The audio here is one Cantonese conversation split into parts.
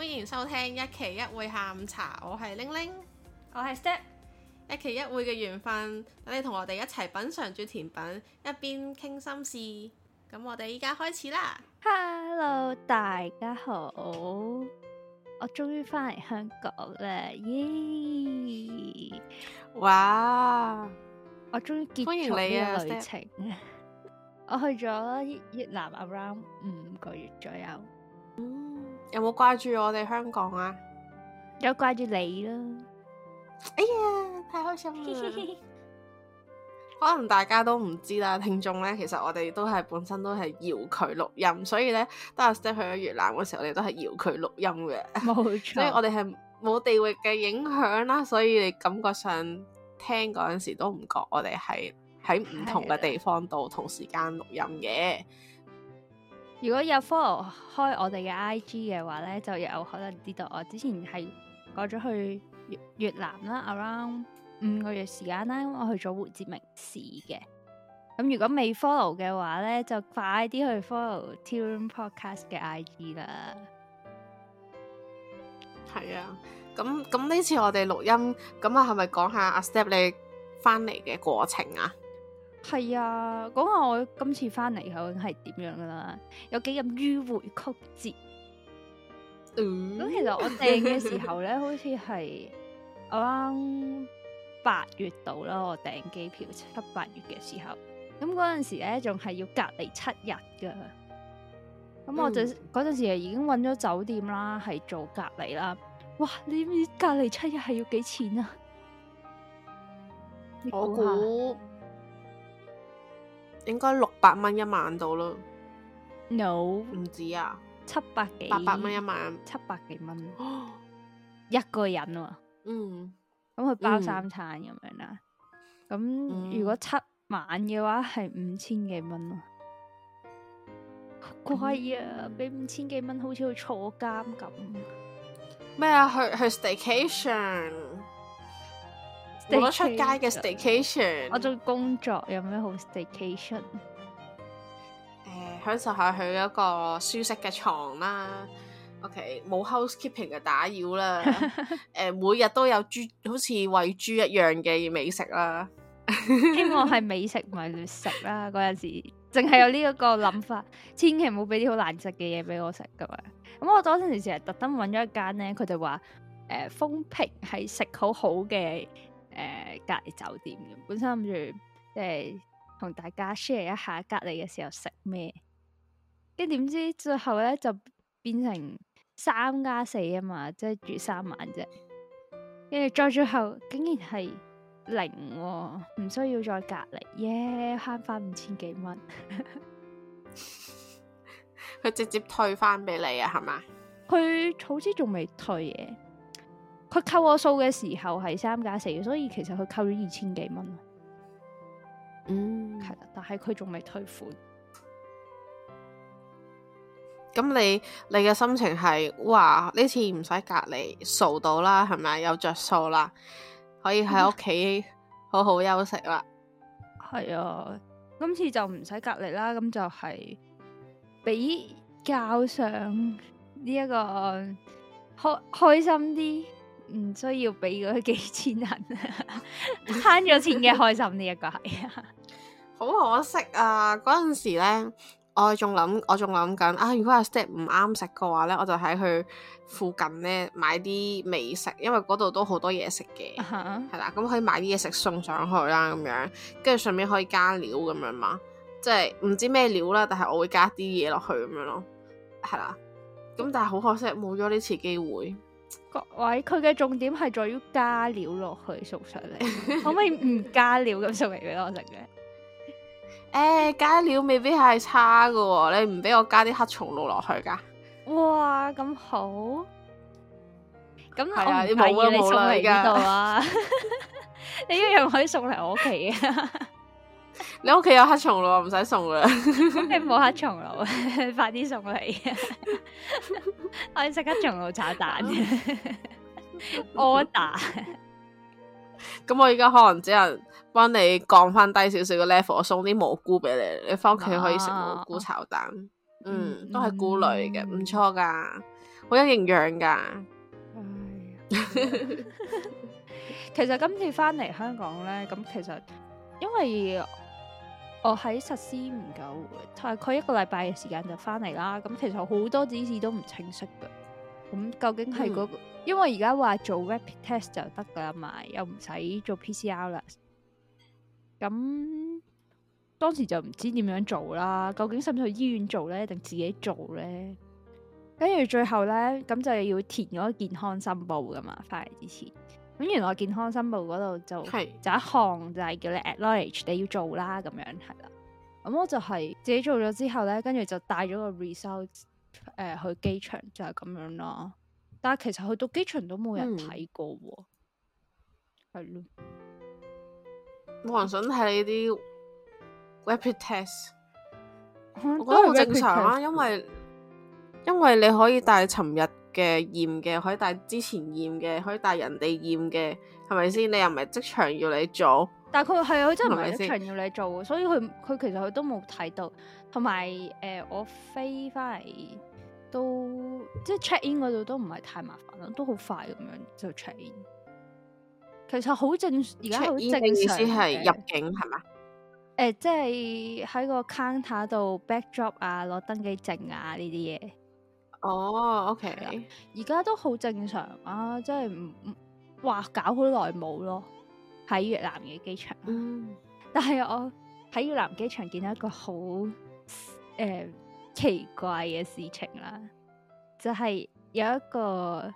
歡迎收聽一期一會下午茶，我係玲玲，我係 Step，一期一會嘅緣分，等你同我哋一齊品嘗住甜品，一邊傾心事。咁我哋依家開始啦。Hello，大家好，我終於翻嚟香港啦，咦！Wow, 哇，我終於結束歡迎你、啊！咗旅程，Step. 我去咗越南 around 五個月左右。嗯有冇掛住我哋香港啊？有掛住你啦、啊！哎呀，太開心啦！ 可能大家都唔知啦，聽眾咧，其實我哋都係本身都係搖佢錄音，所以咧，當 step 去咗越南嗰時候，我哋都係搖佢錄音嘅。冇錯，所以我哋係冇地域嘅影響啦，所以你感覺上聽嗰陣時都唔覺我哋係喺唔同嘅地方度同時間錄音嘅。如果有 follow 開我哋嘅 IG 嘅話咧，就有可能知道我之前係過咗去越越南啦，around 五個月時間啦，我去咗胡志明市嘅。咁如果未 follow 嘅話咧，就快啲去 follow Tea Room Podcast 嘅 IG 啦。係啊，咁咁呢次我哋錄音，咁啊係咪講下阿 Step 你翻嚟嘅過程啊？係啊，講、那、下、個、我今次翻嚟究竟係點樣噶啦，有幾咁迂回曲折。咁、嗯、其實我訂嘅時候咧， 好似係我啱八月度啦，我訂機票七八月嘅時候，咁嗰陣時咧仲係要隔離七日噶。咁我就嗰陣、嗯、時已經揾咗酒店啦，係做隔離啦。哇，你知唔知隔離七日係要幾錢啊？我估。應該六百蚊一晚到咯，no 唔止啊，七百幾八百蚊一晚，七百幾蚊， 一個人啊嗯，咁佢包三餐咁樣啦、啊，咁、嗯、如果七晚嘅話係五千幾蚊咯，好貴啊，俾五千幾蚊好似、啊、去坐監咁，咩啊去去 staycation。我出街嘅 staycation，我做工作有咩好 staycation？誒、呃，享受一下佢嗰個舒適嘅床啦。OK，冇 housekeeping 嘅打擾啦。誒、 呃，每日都有豬好似餵豬一樣嘅美食啦。 希望係美食唔係劣食啦。嗰陣時淨係有呢一個諗法， 千祈唔好俾啲好難食嘅嘢俾我食。咁啊，咁我當時其實特登揾咗一間咧，佢哋話誒風評係食好好嘅。誒、呃，隔離酒店嘅，本身諗住即係同大家 share 一下隔離嘅時候食咩，跟點知最後咧就變成三加四啊嘛，即係住三晚啫，跟住再最後竟然係零、哦，唔需要再隔離，耶，慳翻五千幾蚊，佢 直接退翻俾你啊，係嘛？佢好似仲未退嘢。佢扣我數嘅時候係三加四，4，所以其實佢扣咗二千幾蚊。嗯，係啦，但係佢仲未退款。咁、嗯、你你嘅心情係哇，呢次唔使隔離，數到啦，係咪有着數啦？可以喺屋企好好休息啦。係啊、嗯， 今次就唔使隔離啦，咁就係比較上呢一個開開心啲。唔需要俾嗰幾千人，慳咗錢嘅開心呢一個係，好可惜啊！嗰陣時咧，我仲諗，我仲諗緊啊，如果阿 Step 唔啱食嘅話咧，我就喺佢附近咧買啲美食，因為嗰度都好多嘢食嘅，係啦、uh，咁、huh。可以買啲嘢食送上去啦，咁樣，跟住順便可以加料咁樣嘛，即係唔知咩料啦，但係我會加啲嘢落去咁樣咯，係啦，咁但係好可惜，冇咗呢次機會。各位，佢嘅重點係在於加料落去送上嚟， 可唔可以唔加料咁送嚟俾我食嘅？誒、欸，加料未必係差噶，你唔俾我加啲黑松露落去噶？哇，咁好，咁係啊，你冇送嚟呢度啊，你一樣可以送嚟我屋企啊！ 你屋企有黑松露，唔使送啦，你 冇黑松露，快啲送嚟，我哋食黑松露炒蛋 ，order。咁我而家可能只能幫你降翻低少少嘅 level，我送啲蘑菇俾你，你翻屋企可以食蘑菇炒蛋，啊、嗯，都係菇類嘅，唔、嗯、錯噶，好有營養噶。嗯、 其實今次翻嚟香港咧，咁其實因為。我喺實施唔久，大概一個禮拜嘅時間就翻嚟啦。咁其實好多指示都唔清晰㗎，咁究竟係嗰、嗰個？嗯、因為而家話做 rapid test 就得噶啦嘛，又唔使做 PCR 啦。咁當時就唔知點樣做啦，究竟使唔使去醫院做咧，定自己做咧？跟住最後咧，咁就要填嗰健康申報噶嘛，翻嚟之前，咁原來健康申報嗰度就係是就一行就係叫你 acknowledge 你要做啦，咁樣係啦。咁我就係自己做咗之後咧，跟住就帶咗個 result 誒、呃、去機場就係、是、咁樣啦。但係其實去到機場都冇人睇過，係咯、嗯，冇的人想睇呢啲 rapid test，、嗯、我覺得好都是 正常啊，因為。因為你可以帶尋日嘅驗嘅，可以帶之前驗嘅，可以帶人哋驗嘅，係咪先？你又唔係即場要你做，但佢係啊，真唔係即場要你做，吧所以佢佢其實佢都冇睇到。同埋誒，我飛返嚟都即係 check in 嗰度都唔係太麻煩咯，都好快咁樣就 check in。其實好正，而家好正常。意思係入境係嘛？誒、呃，即係喺個 counter 度 backdrop 啊，攞登機證啊呢啲嘢。哦、oh,，OK，而家都好正常啊，即係唔唔話搞好耐冇咯。喺越南嘅機場、啊，嗯，mm. 但係我喺越南機場見到一個好誒、呃、奇怪嘅事情啦、啊，就係、是、有一個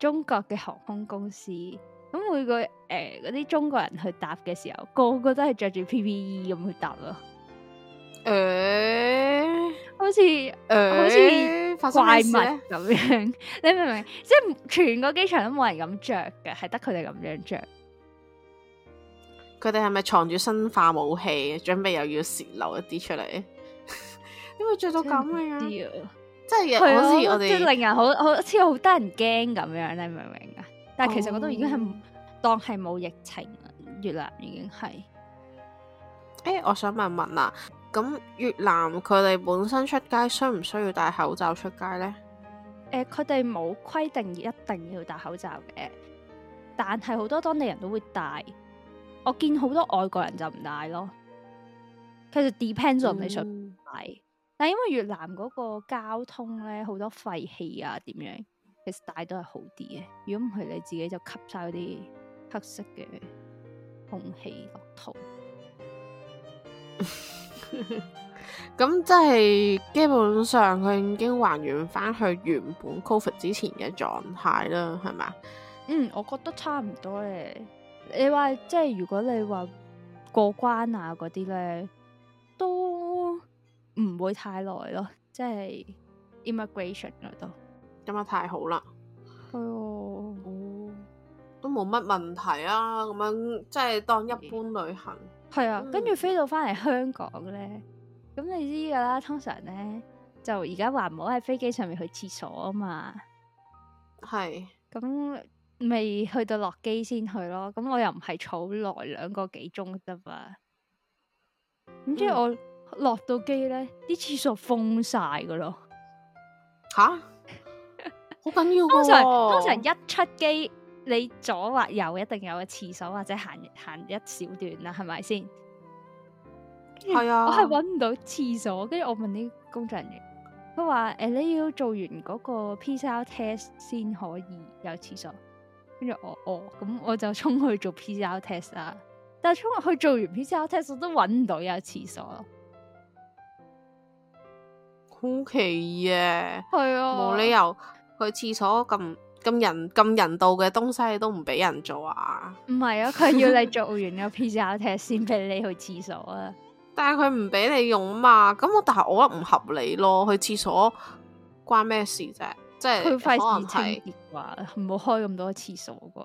中國嘅航空公司，咁每個誒嗰啲中國人去搭嘅時候，個個都係着住 PPE 咁去搭咯。誒，好似，誒，好似。怪物咁樣， 你明唔明？即係全個機場都冇人咁着嘅，係得佢哋咁樣着。佢哋係咪藏住生化武器，準備又要泄漏一啲出嚟？因為着到咁樣，即係、啊是啊、好似我哋即係令人好好似好得人驚咁樣，你明唔明啊？但係其實我都已經係、哦、當係冇疫情啦，越南已經係。誒、欸，我想問問啊。咁越南佢哋本身出街需唔需要戴口罩出街呢？佢哋冇規定一定要戴口罩嘅，但係好多當地人都會戴。我見好多外國人就唔戴咯。其實 depends on 你想戴，嗯、但係因為越南嗰個交通呢，好多廢氣啊，點樣，其實戴都係好啲嘅。如果唔係你自己就吸晒啲黑色嘅空氣落肚。 咁 即係基本上佢已經還原翻佢原本 COVID 之前嘅狀態啦，係咪？嗯，我覺得差唔多咧。你話即係如果你話過關啊嗰啲咧，都唔會太耐咯。即係 immigration 嗰度，咁啊太好啦，係哦、 啊，都冇乜問題啊。咁樣即係當一般旅行。 係啊，跟住、嗯、飛到翻嚟香港咧，咁你知噶啦，通常咧就而家話唔好喺飛機上面去廁所啊嘛，係是，咁未去到落機先去咯，咁我又唔係坐耐兩個幾鐘得嘛，點知、嗯、我落到機咧啲廁所封晒噶咯，吓哈， 好緊要、啊、通常，通常一出機。你左或右一定有個廁所或者行行一小段啦，係咪先？係啊，我係搵唔到廁所，跟住我問啲工作人員，佢話：誒、欸，你要做完嗰個 PCR test 先可以有廁所。跟住我，哦、咁、哦、我就衝去做 PCR test 啦。但係衝去做完 PCR test，我都搵唔到有廁所。好奇啊！係啊，冇理由去廁所咁。咁人咁人道嘅東西你都唔俾人做啊？唔係啊，佢要你做完個 PCR test 先俾你去廁所啊。 但係佢唔俾你用嘛？咁我但係我覺得唔合理咯。去廁所關咩事啫、啊？即係佢費事清啲啩，唔好開咁多廁所啩。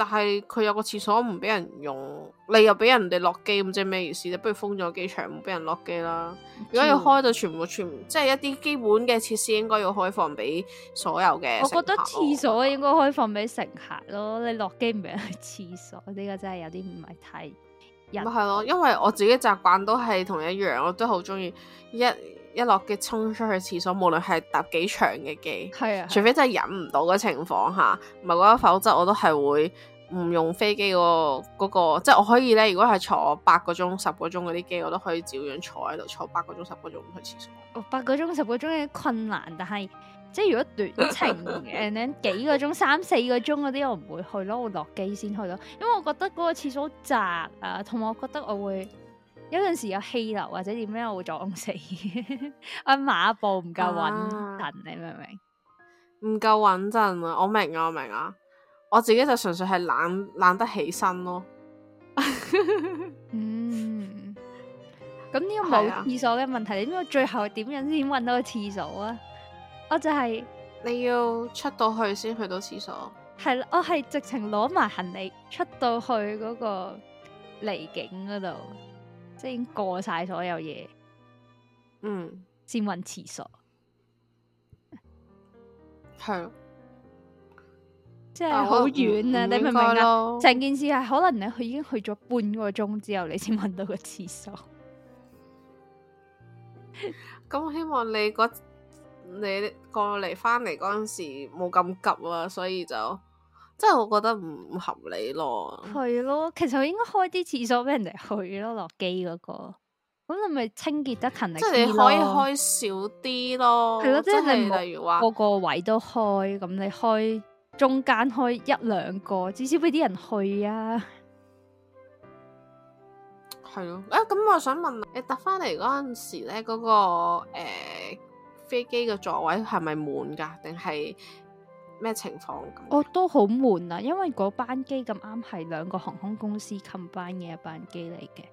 但係佢有個廁所唔俾人用，你又俾人哋落機咁，即係咩意思咧？不如封咗機場，唔俾人落機啦。如果要開到全部全，即係一啲基本嘅設施應該要開放俾所有嘅乘客。我覺得廁所應該開放俾乘客咯， 你落機唔俾人去廁所，呢個真係有啲唔係太。咁係咯人，因為我自己習慣都係同一樣，我都好中意一一落機衝出去廁所，無論係搭幾長嘅機，係啊，除非真係忍唔到嘅情況下，唔係啦，否則我都係會唔用飛機嗰、嗰個、嗰個、即係我可以咧。如果係坐八個鐘、十個鐘嗰啲機，我都可以照樣坐喺度坐八個鐘、十個鐘去廁所。哦，八個鐘、十個鐘有困難，但係。即係如果短程 ，and then, 幾個鐘、三四個鐘嗰啲，我唔會去咯，我落機先去咯。因為我覺得嗰個廁所窄啊，同埋我覺得我會有陣時有氣流或者點樣，我會撞死 啊，馬步唔夠穩陣，啊、你明唔明？唔夠穩陣啊！我明啊，我明啊，我自己就純粹係懶懶得起身咯。 嗯，咁呢個冇廁所嘅問題，啊、你知唔知最後點樣先揾到個廁所啊？我就係、是，你要出到去先去到廁所，係啦，我係直情攞埋行李出到去嗰個離境嗰度，即係已經過晒所有嘢，嗯，先揾廁所，係、啊、咯，即係好遠啊！你明唔明啊？成 件事係可能你佢已經去咗半個鐘之後，你先揾到個廁所。咁 我希望你嗰、那個。你過嚟翻嚟嗰陣時冇咁急啊，所以就即係我覺得唔合理咯。係咯，其實我應該開啲廁所俾人哋去咯，落機嗰個咁你咪清潔得勤力啲咯。即係你可以開少啲咯，係咯，即係例如話個個位都開，咁你開中間開一兩個，至少俾啲人去啊。係咯，誒咁我想問你搭翻嚟嗰陣時咧，嗰個誒？飛機嘅座位係咪滿噶？定係咩情況咁？我、哦、都好滿啊，因為嗰班機咁啱係兩個航空公司 combine 嘅一班機嚟嘅。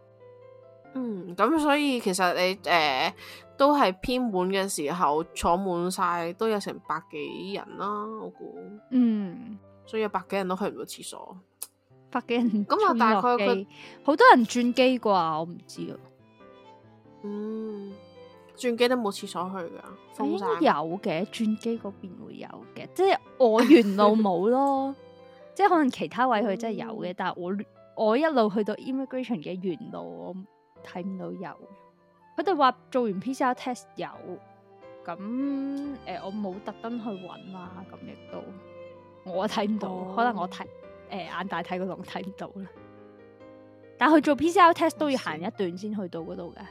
嗯，咁所以其實你誒、呃、都係偏滿嘅時候坐滿晒，都有成百幾人啦、啊，我估。嗯，所以有百幾人都去唔到廁所。百幾人咁啊？我大概佢好他多人轉機啩？我唔知啊。嗯。轉機都冇廁所去噶，應該有嘅轉機嗰邊會有嘅，即係我沿路冇咯， 即係可能其他位佢真係有嘅，但係我我一路去到 Immigration 嘅沿路，我睇唔到有。佢哋話做完 PCR test 有，咁誒、呃、我冇特登去揾啦、啊，咁亦都我睇唔到，嗯、可能我睇誒、呃、眼大睇過籠睇唔到啦。但係佢做 PCR test 都要行一段先去到嗰度嘅。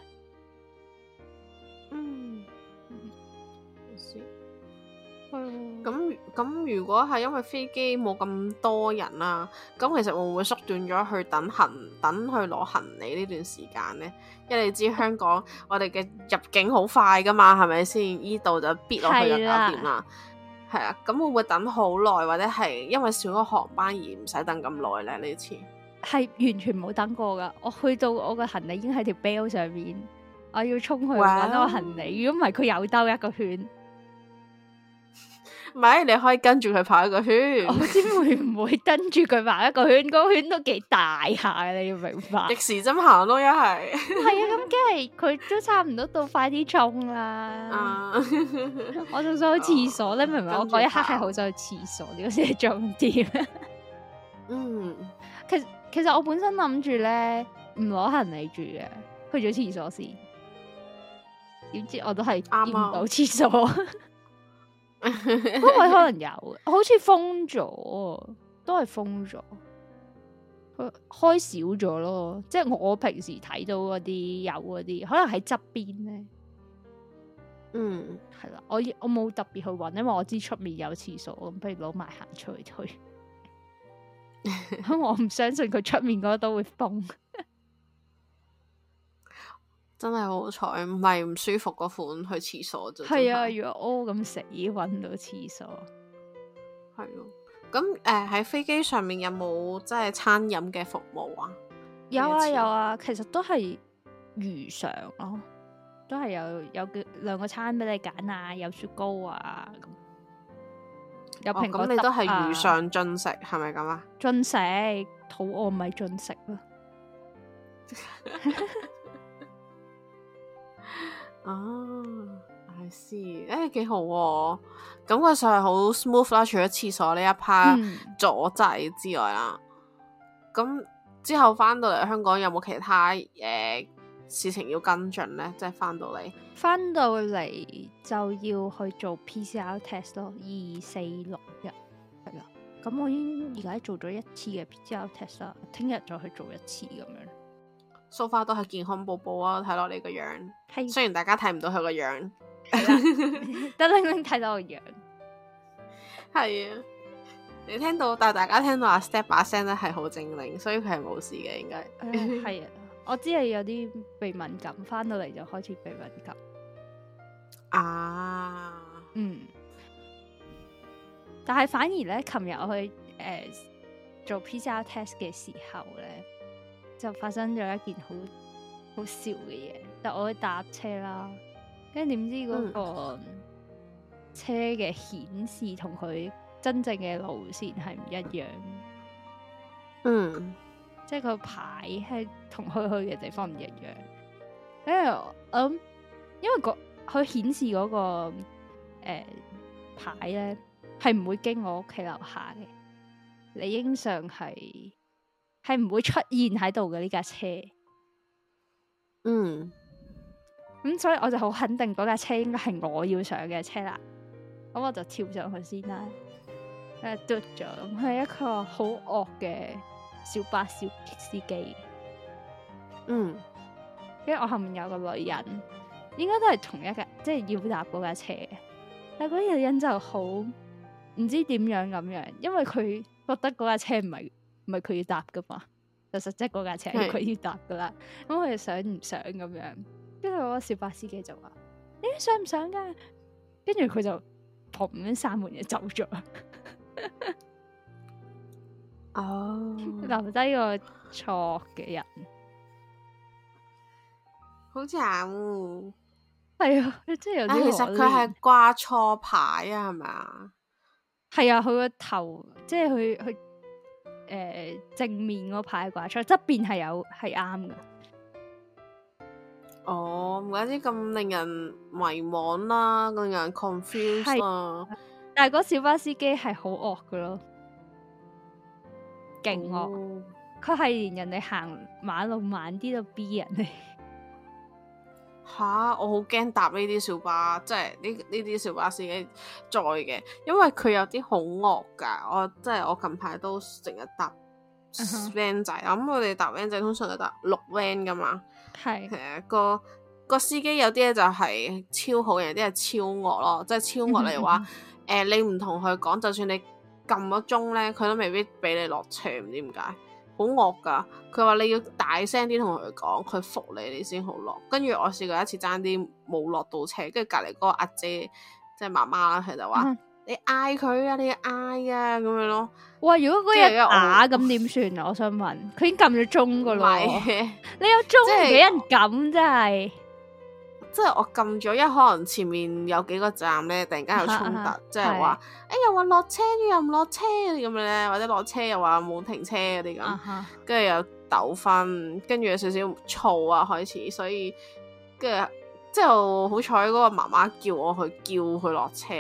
咁咁，嗯、如果係因為飛機冇咁多人啦、啊，咁其實會唔會縮短咗去等行、等去攞行李呢段時間呢，因為你知香港 我哋嘅入境好快噶嘛，係咪先？呢度就必落去就搞掂啦。係是啊，啊，咁會唔會等好耐，或者係因為少咗航班而唔使等咁耐咧？呢次係完全冇等過噶，我去到我嘅行李已經喺條 belt 上面，我要衝去揾我行李。如果唔係，佢又兜一個圈。唔係，你可以跟住佢跑一個圈。我知會唔會跟住佢跑一個圈，嗰 個圈都幾大下嘅，你要明白。逆時針行咯，一係。係、 哦、啊，咁梗係佢都差唔多到快啲衝啦。啊、我仲想去廁所咧，啊、明唔明？我嗰一刻係好想去廁所，呢個先係重點。 嗯，其實其實我本身諗住咧，唔攞行李住嘅，去咗廁所先。點知我都係見唔到廁所。嗯 嗰位、 欸、可能有，好似封咗，都係封咗，開少咗咯。即係我平時睇到嗰啲有嗰啲，可能喺側邊咧。嗯，係啦，我我冇特別去搵，因為我知出面有廁所，咁不如攞埋行出去。我唔相信佢出面嗰度都會封。 真係好彩，唔係唔舒服嗰款去廁所啫。係啊，如果屙咁死，搵唔到廁所。係咯，啊，咁誒喺飛機上面有冇即係餐飲嘅服務啊？有啊有啊，其實都係如常咯，都係有有嘅兩個餐俾你揀啊，有雪糕啊，有蘋果，啊。咁，哦，你都係如常進食係咪咁啊？進食，肚餓咪進食咯，啊。 啊、oh,，i、欸、s 誒，幾好，感覺上係好 smooth 啦，除咗廁所呢一 part、嗯、阻滯之外啦，咁之後翻到嚟香港有冇其他誒、呃、事情要跟進咧？即係翻到嚟，翻到嚟就要去做 PCR test 咯，二四六日，係啦，咁我已經而家做咗一次嘅 PCR test 啦，聽日再去做一次咁樣。So far 都係健康寶寶啊！睇落你個樣，的雖然大家睇唔到佢個樣，得零零睇到個樣，係啊！你聽到，但係大家聽到阿 Step 把聲咧係好精靈，所以佢係冇事嘅，應該係啊！我只係有啲鼻敏感，翻到嚟就開始鼻敏感啊！嗯，但係反而咧，琴日我去誒、呃、做 PCR test 嘅時候咧。就發生咗一件好好笑嘅嘢，就我會搭車啦，跟住點知嗰個車嘅顯示同佢真正嘅路綫係唔一、嗯嗯、一樣，嗯，即係個牌係同佢去嘅地方唔一樣，因為我因為佢顯示嗰、那個誒、呃、牌咧係唔會經我屋企樓下嘅，理應上係。係唔會出現喺度嘅呢架車，嗯，咁、嗯、所以我就好肯定嗰架車應該係我要上嘅車啦，咁我就跳上去先啦，誒、啊，嘟咗，咁係一個好惡嘅小巴小司機，嗯，跟住、嗯、我後面有個女人，應該都係同一架，即係要搭嗰架車嘅，但係嗰女人就好唔知點樣咁樣，因為佢覺得嗰架車唔係。唔係佢要搭噶嘛？就實際嗰架車係佢要搭噶啦。咁佢對、嗯、想唔想咁樣？跟住嗰個小巴司機就話，你想唔想噶？跟住佢就旁邊閂門就走咗。哦，留低個錯嘅人，好慘、oh. 嗯。係 啊，即係有啲。其實佢係掛錯牌啊？係咪啊？係啊、 嗯，佢個頭即係佢佢。誒、呃，正面嗰排啩，坐側邊係有係啱嘅。哦，唔怪之咁令人迷惘啦、啊，令人 confuse 啊！但係嗰小巴司機係好惡噶咯，勁惡！佢係、哦、連人哋行馬路慢啲都逼人哋。吓，我好驚搭呢啲小巴，即係呢呢啲小巴士嘅載嘅，因為佢有啲好惡㗎。我即係我近排都成日搭 van 仔，咁我哋搭 van 仔通常就搭六 van 噶嘛。係是。誒、嗰個，個個司機有啲咧就係超好，有啲係超惡咯、就係，即係超惡嚟話誒，你唔同佢講，就算你撳咗鐘咧，佢都未必俾你落車，唔知點解。好惡噶，佢話你要大聲啲同佢講，佢服你你先好落。跟住我試過一次爭啲冇落到車，跟住隔籬嗰個阿姐即係媽媽啦，佢就話、嗯、你嗌佢啊，你嗌啊咁樣咯。哇，如果嗰日有啞咁點算啊？我想問，佢已經撳咗鐘噶咯，是 你有鐘鐘唔俾人撳真係。即係我撳咗一，因為可能前面有幾個站咧，突然間有衝突， 即係話， 哎又話落車又唔落車啲咁樣咧，或者落車又話冇停車嗰啲咁，跟住 又糾紛，跟住有少少嘈啊開始，所以跟住之後好彩嗰個媽媽叫我去叫佢落車，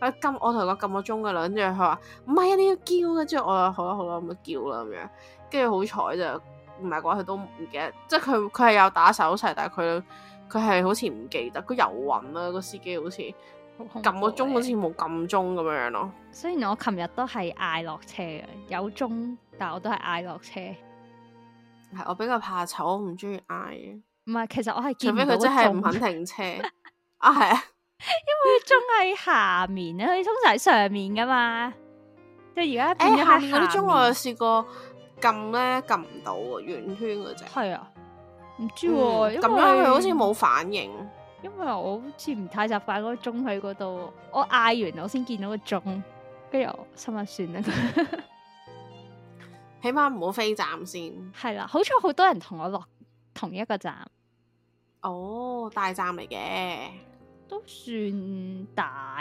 我撳我同佢撳個鐘噶啦，跟住佢話唔係啊，你要叫嘅，之後我話好啦好啦，咁叫啦咁樣，跟住好彩就唔係嘅話佢都唔記得，即係佢佢係有打手勢，但係佢。佢係好似唔記得，個遊魂啊，個司機好似撳個鐘，好鐘、啊，好似冇撳鐘咁樣樣咯。雖然我琴日都係嗌落車嘅，有鐘，但我都係嗌落車。係，我比較怕醜，我唔中意嗌嘅。唔係，其實我係除非佢真係唔肯停車鐘的 啊，係啊，因為鐘喺下面咧，佢 通常喺上面噶嘛。即係而家變咗下面啲、欸、鐘，我有試過撳咧撳唔到喎，圓圈嗰隻係啊。唔知喎，啊，咁、嗯、樣，佢好似冇反應。因為我好似唔太習慣嗰個鐘喺嗰度，我嗌完我先見到個鐘，跟住我心諗算啦， 起碼唔好飛站先。係啦，啊，好彩好多人同我落同一個站。哦，大站嚟嘅，都算大，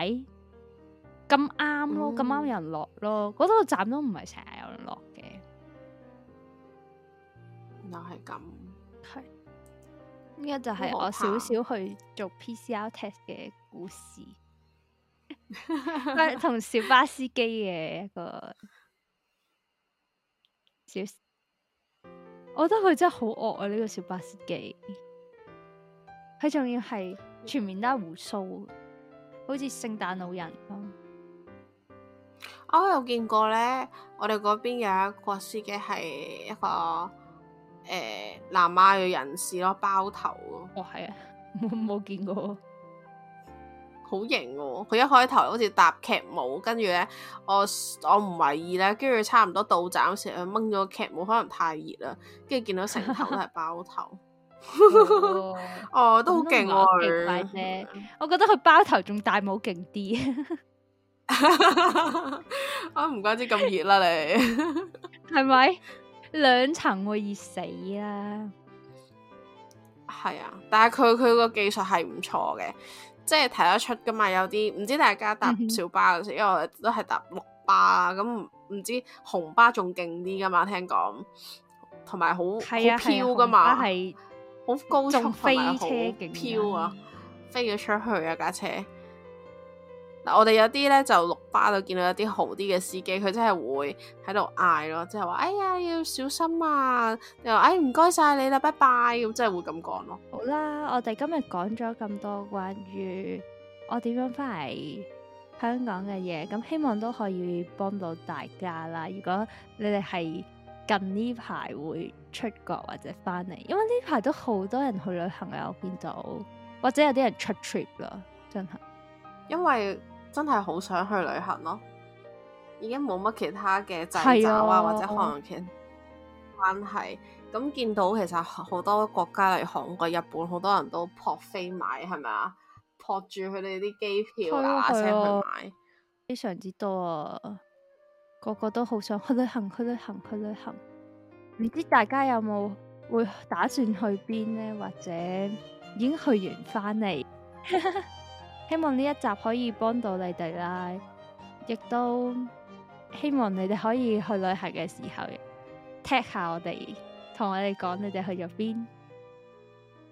咁啱咯，咁啱、嗯、有人落咯。嗰、嗰個站都唔係成日有人落嘅，又係咁。就是呢個就係我少少去做 PCR test 嘅故事，同 小巴司機嘅一個小，我覺得佢真係好惡啊！呢、這個小巴司機，佢仲要係全面都係鬍鬚， 好似聖誕老人咁。Oh, 我有見過咧！我哋嗰邊有一個司機係一個。誒、呃，南亞嘅人士咯，包頭哦，哇係啊，冇冇見過， 好型喎、哦！佢一開頭好似搭劇帽，跟住咧，我我唔為意咧，跟住差唔多到站嗰時，佢掹咗個劇帽，可能太熱啦，跟住見到成頭都係包頭， 哦， 哦， 哦都好啊，勁 我覺得佢包頭仲大帽勁啲，我 唔、 啊、怪之咁熱啦你，係 咪？兩層會熱死啊！係啊，但係佢佢個技術係唔錯嘅，即係睇得出噶嘛。有啲唔知大家搭小巴嗰時候，嗯、哼因為我都係搭綠巴啊。咁、嗯、唔知紅巴仲勁啲噶嘛？聽講同埋好好飄噶嘛？係好、啊啊、高速、飛車同埋好飄啊！飛咗出去啊架車！嗱，我哋有啲咧就六巴就見到一啲好啲嘅司機，佢真係會喺度嗌咯，即係話：哎呀，要小心啊！又話哎，唔該晒你啦，拜拜咁，真係會咁講咯。好啦，我哋今日講咗咁多關於我點樣翻嚟香港嘅嘢，咁希望都可以幫到大家啦。如果你哋係近呢排會出國或者翻嚟，因為呢排都好多人去旅行啊，我見到，或者有啲人出 trip 啦，真係。因為真係好想去旅行咯，已經冇乜其他嘅掣肘啊，啊或者可能券關係。咁見到其實好多國家嚟，韓國、日本好多人都撲飛買，係咪啊？撲住佢哋啲機票嗱嗱聲去買，非常之多啊！個個都好想去旅行，去旅行，去旅行。唔知大家有冇會打算去邊呢？或者已經去完翻嚟？ 希望呢一集可以幫到你哋啦，亦都希望你哋可以去旅行嘅時候，踢下我哋，同我哋講你哋去咗邊。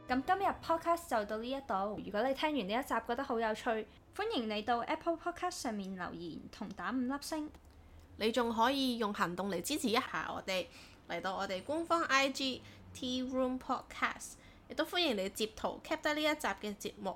咁今日 Podcast 就到呢一度，如果你聽完呢一集覺得好有趣，歡迎你到 Apple Podcast 上面留言同打五粒星。你仲可以用行動嚟，支持一下我哋，嚟到我哋官方 IG Tea Room Podcast，亦都歡迎你截圖 keep 得呢一集嘅節目。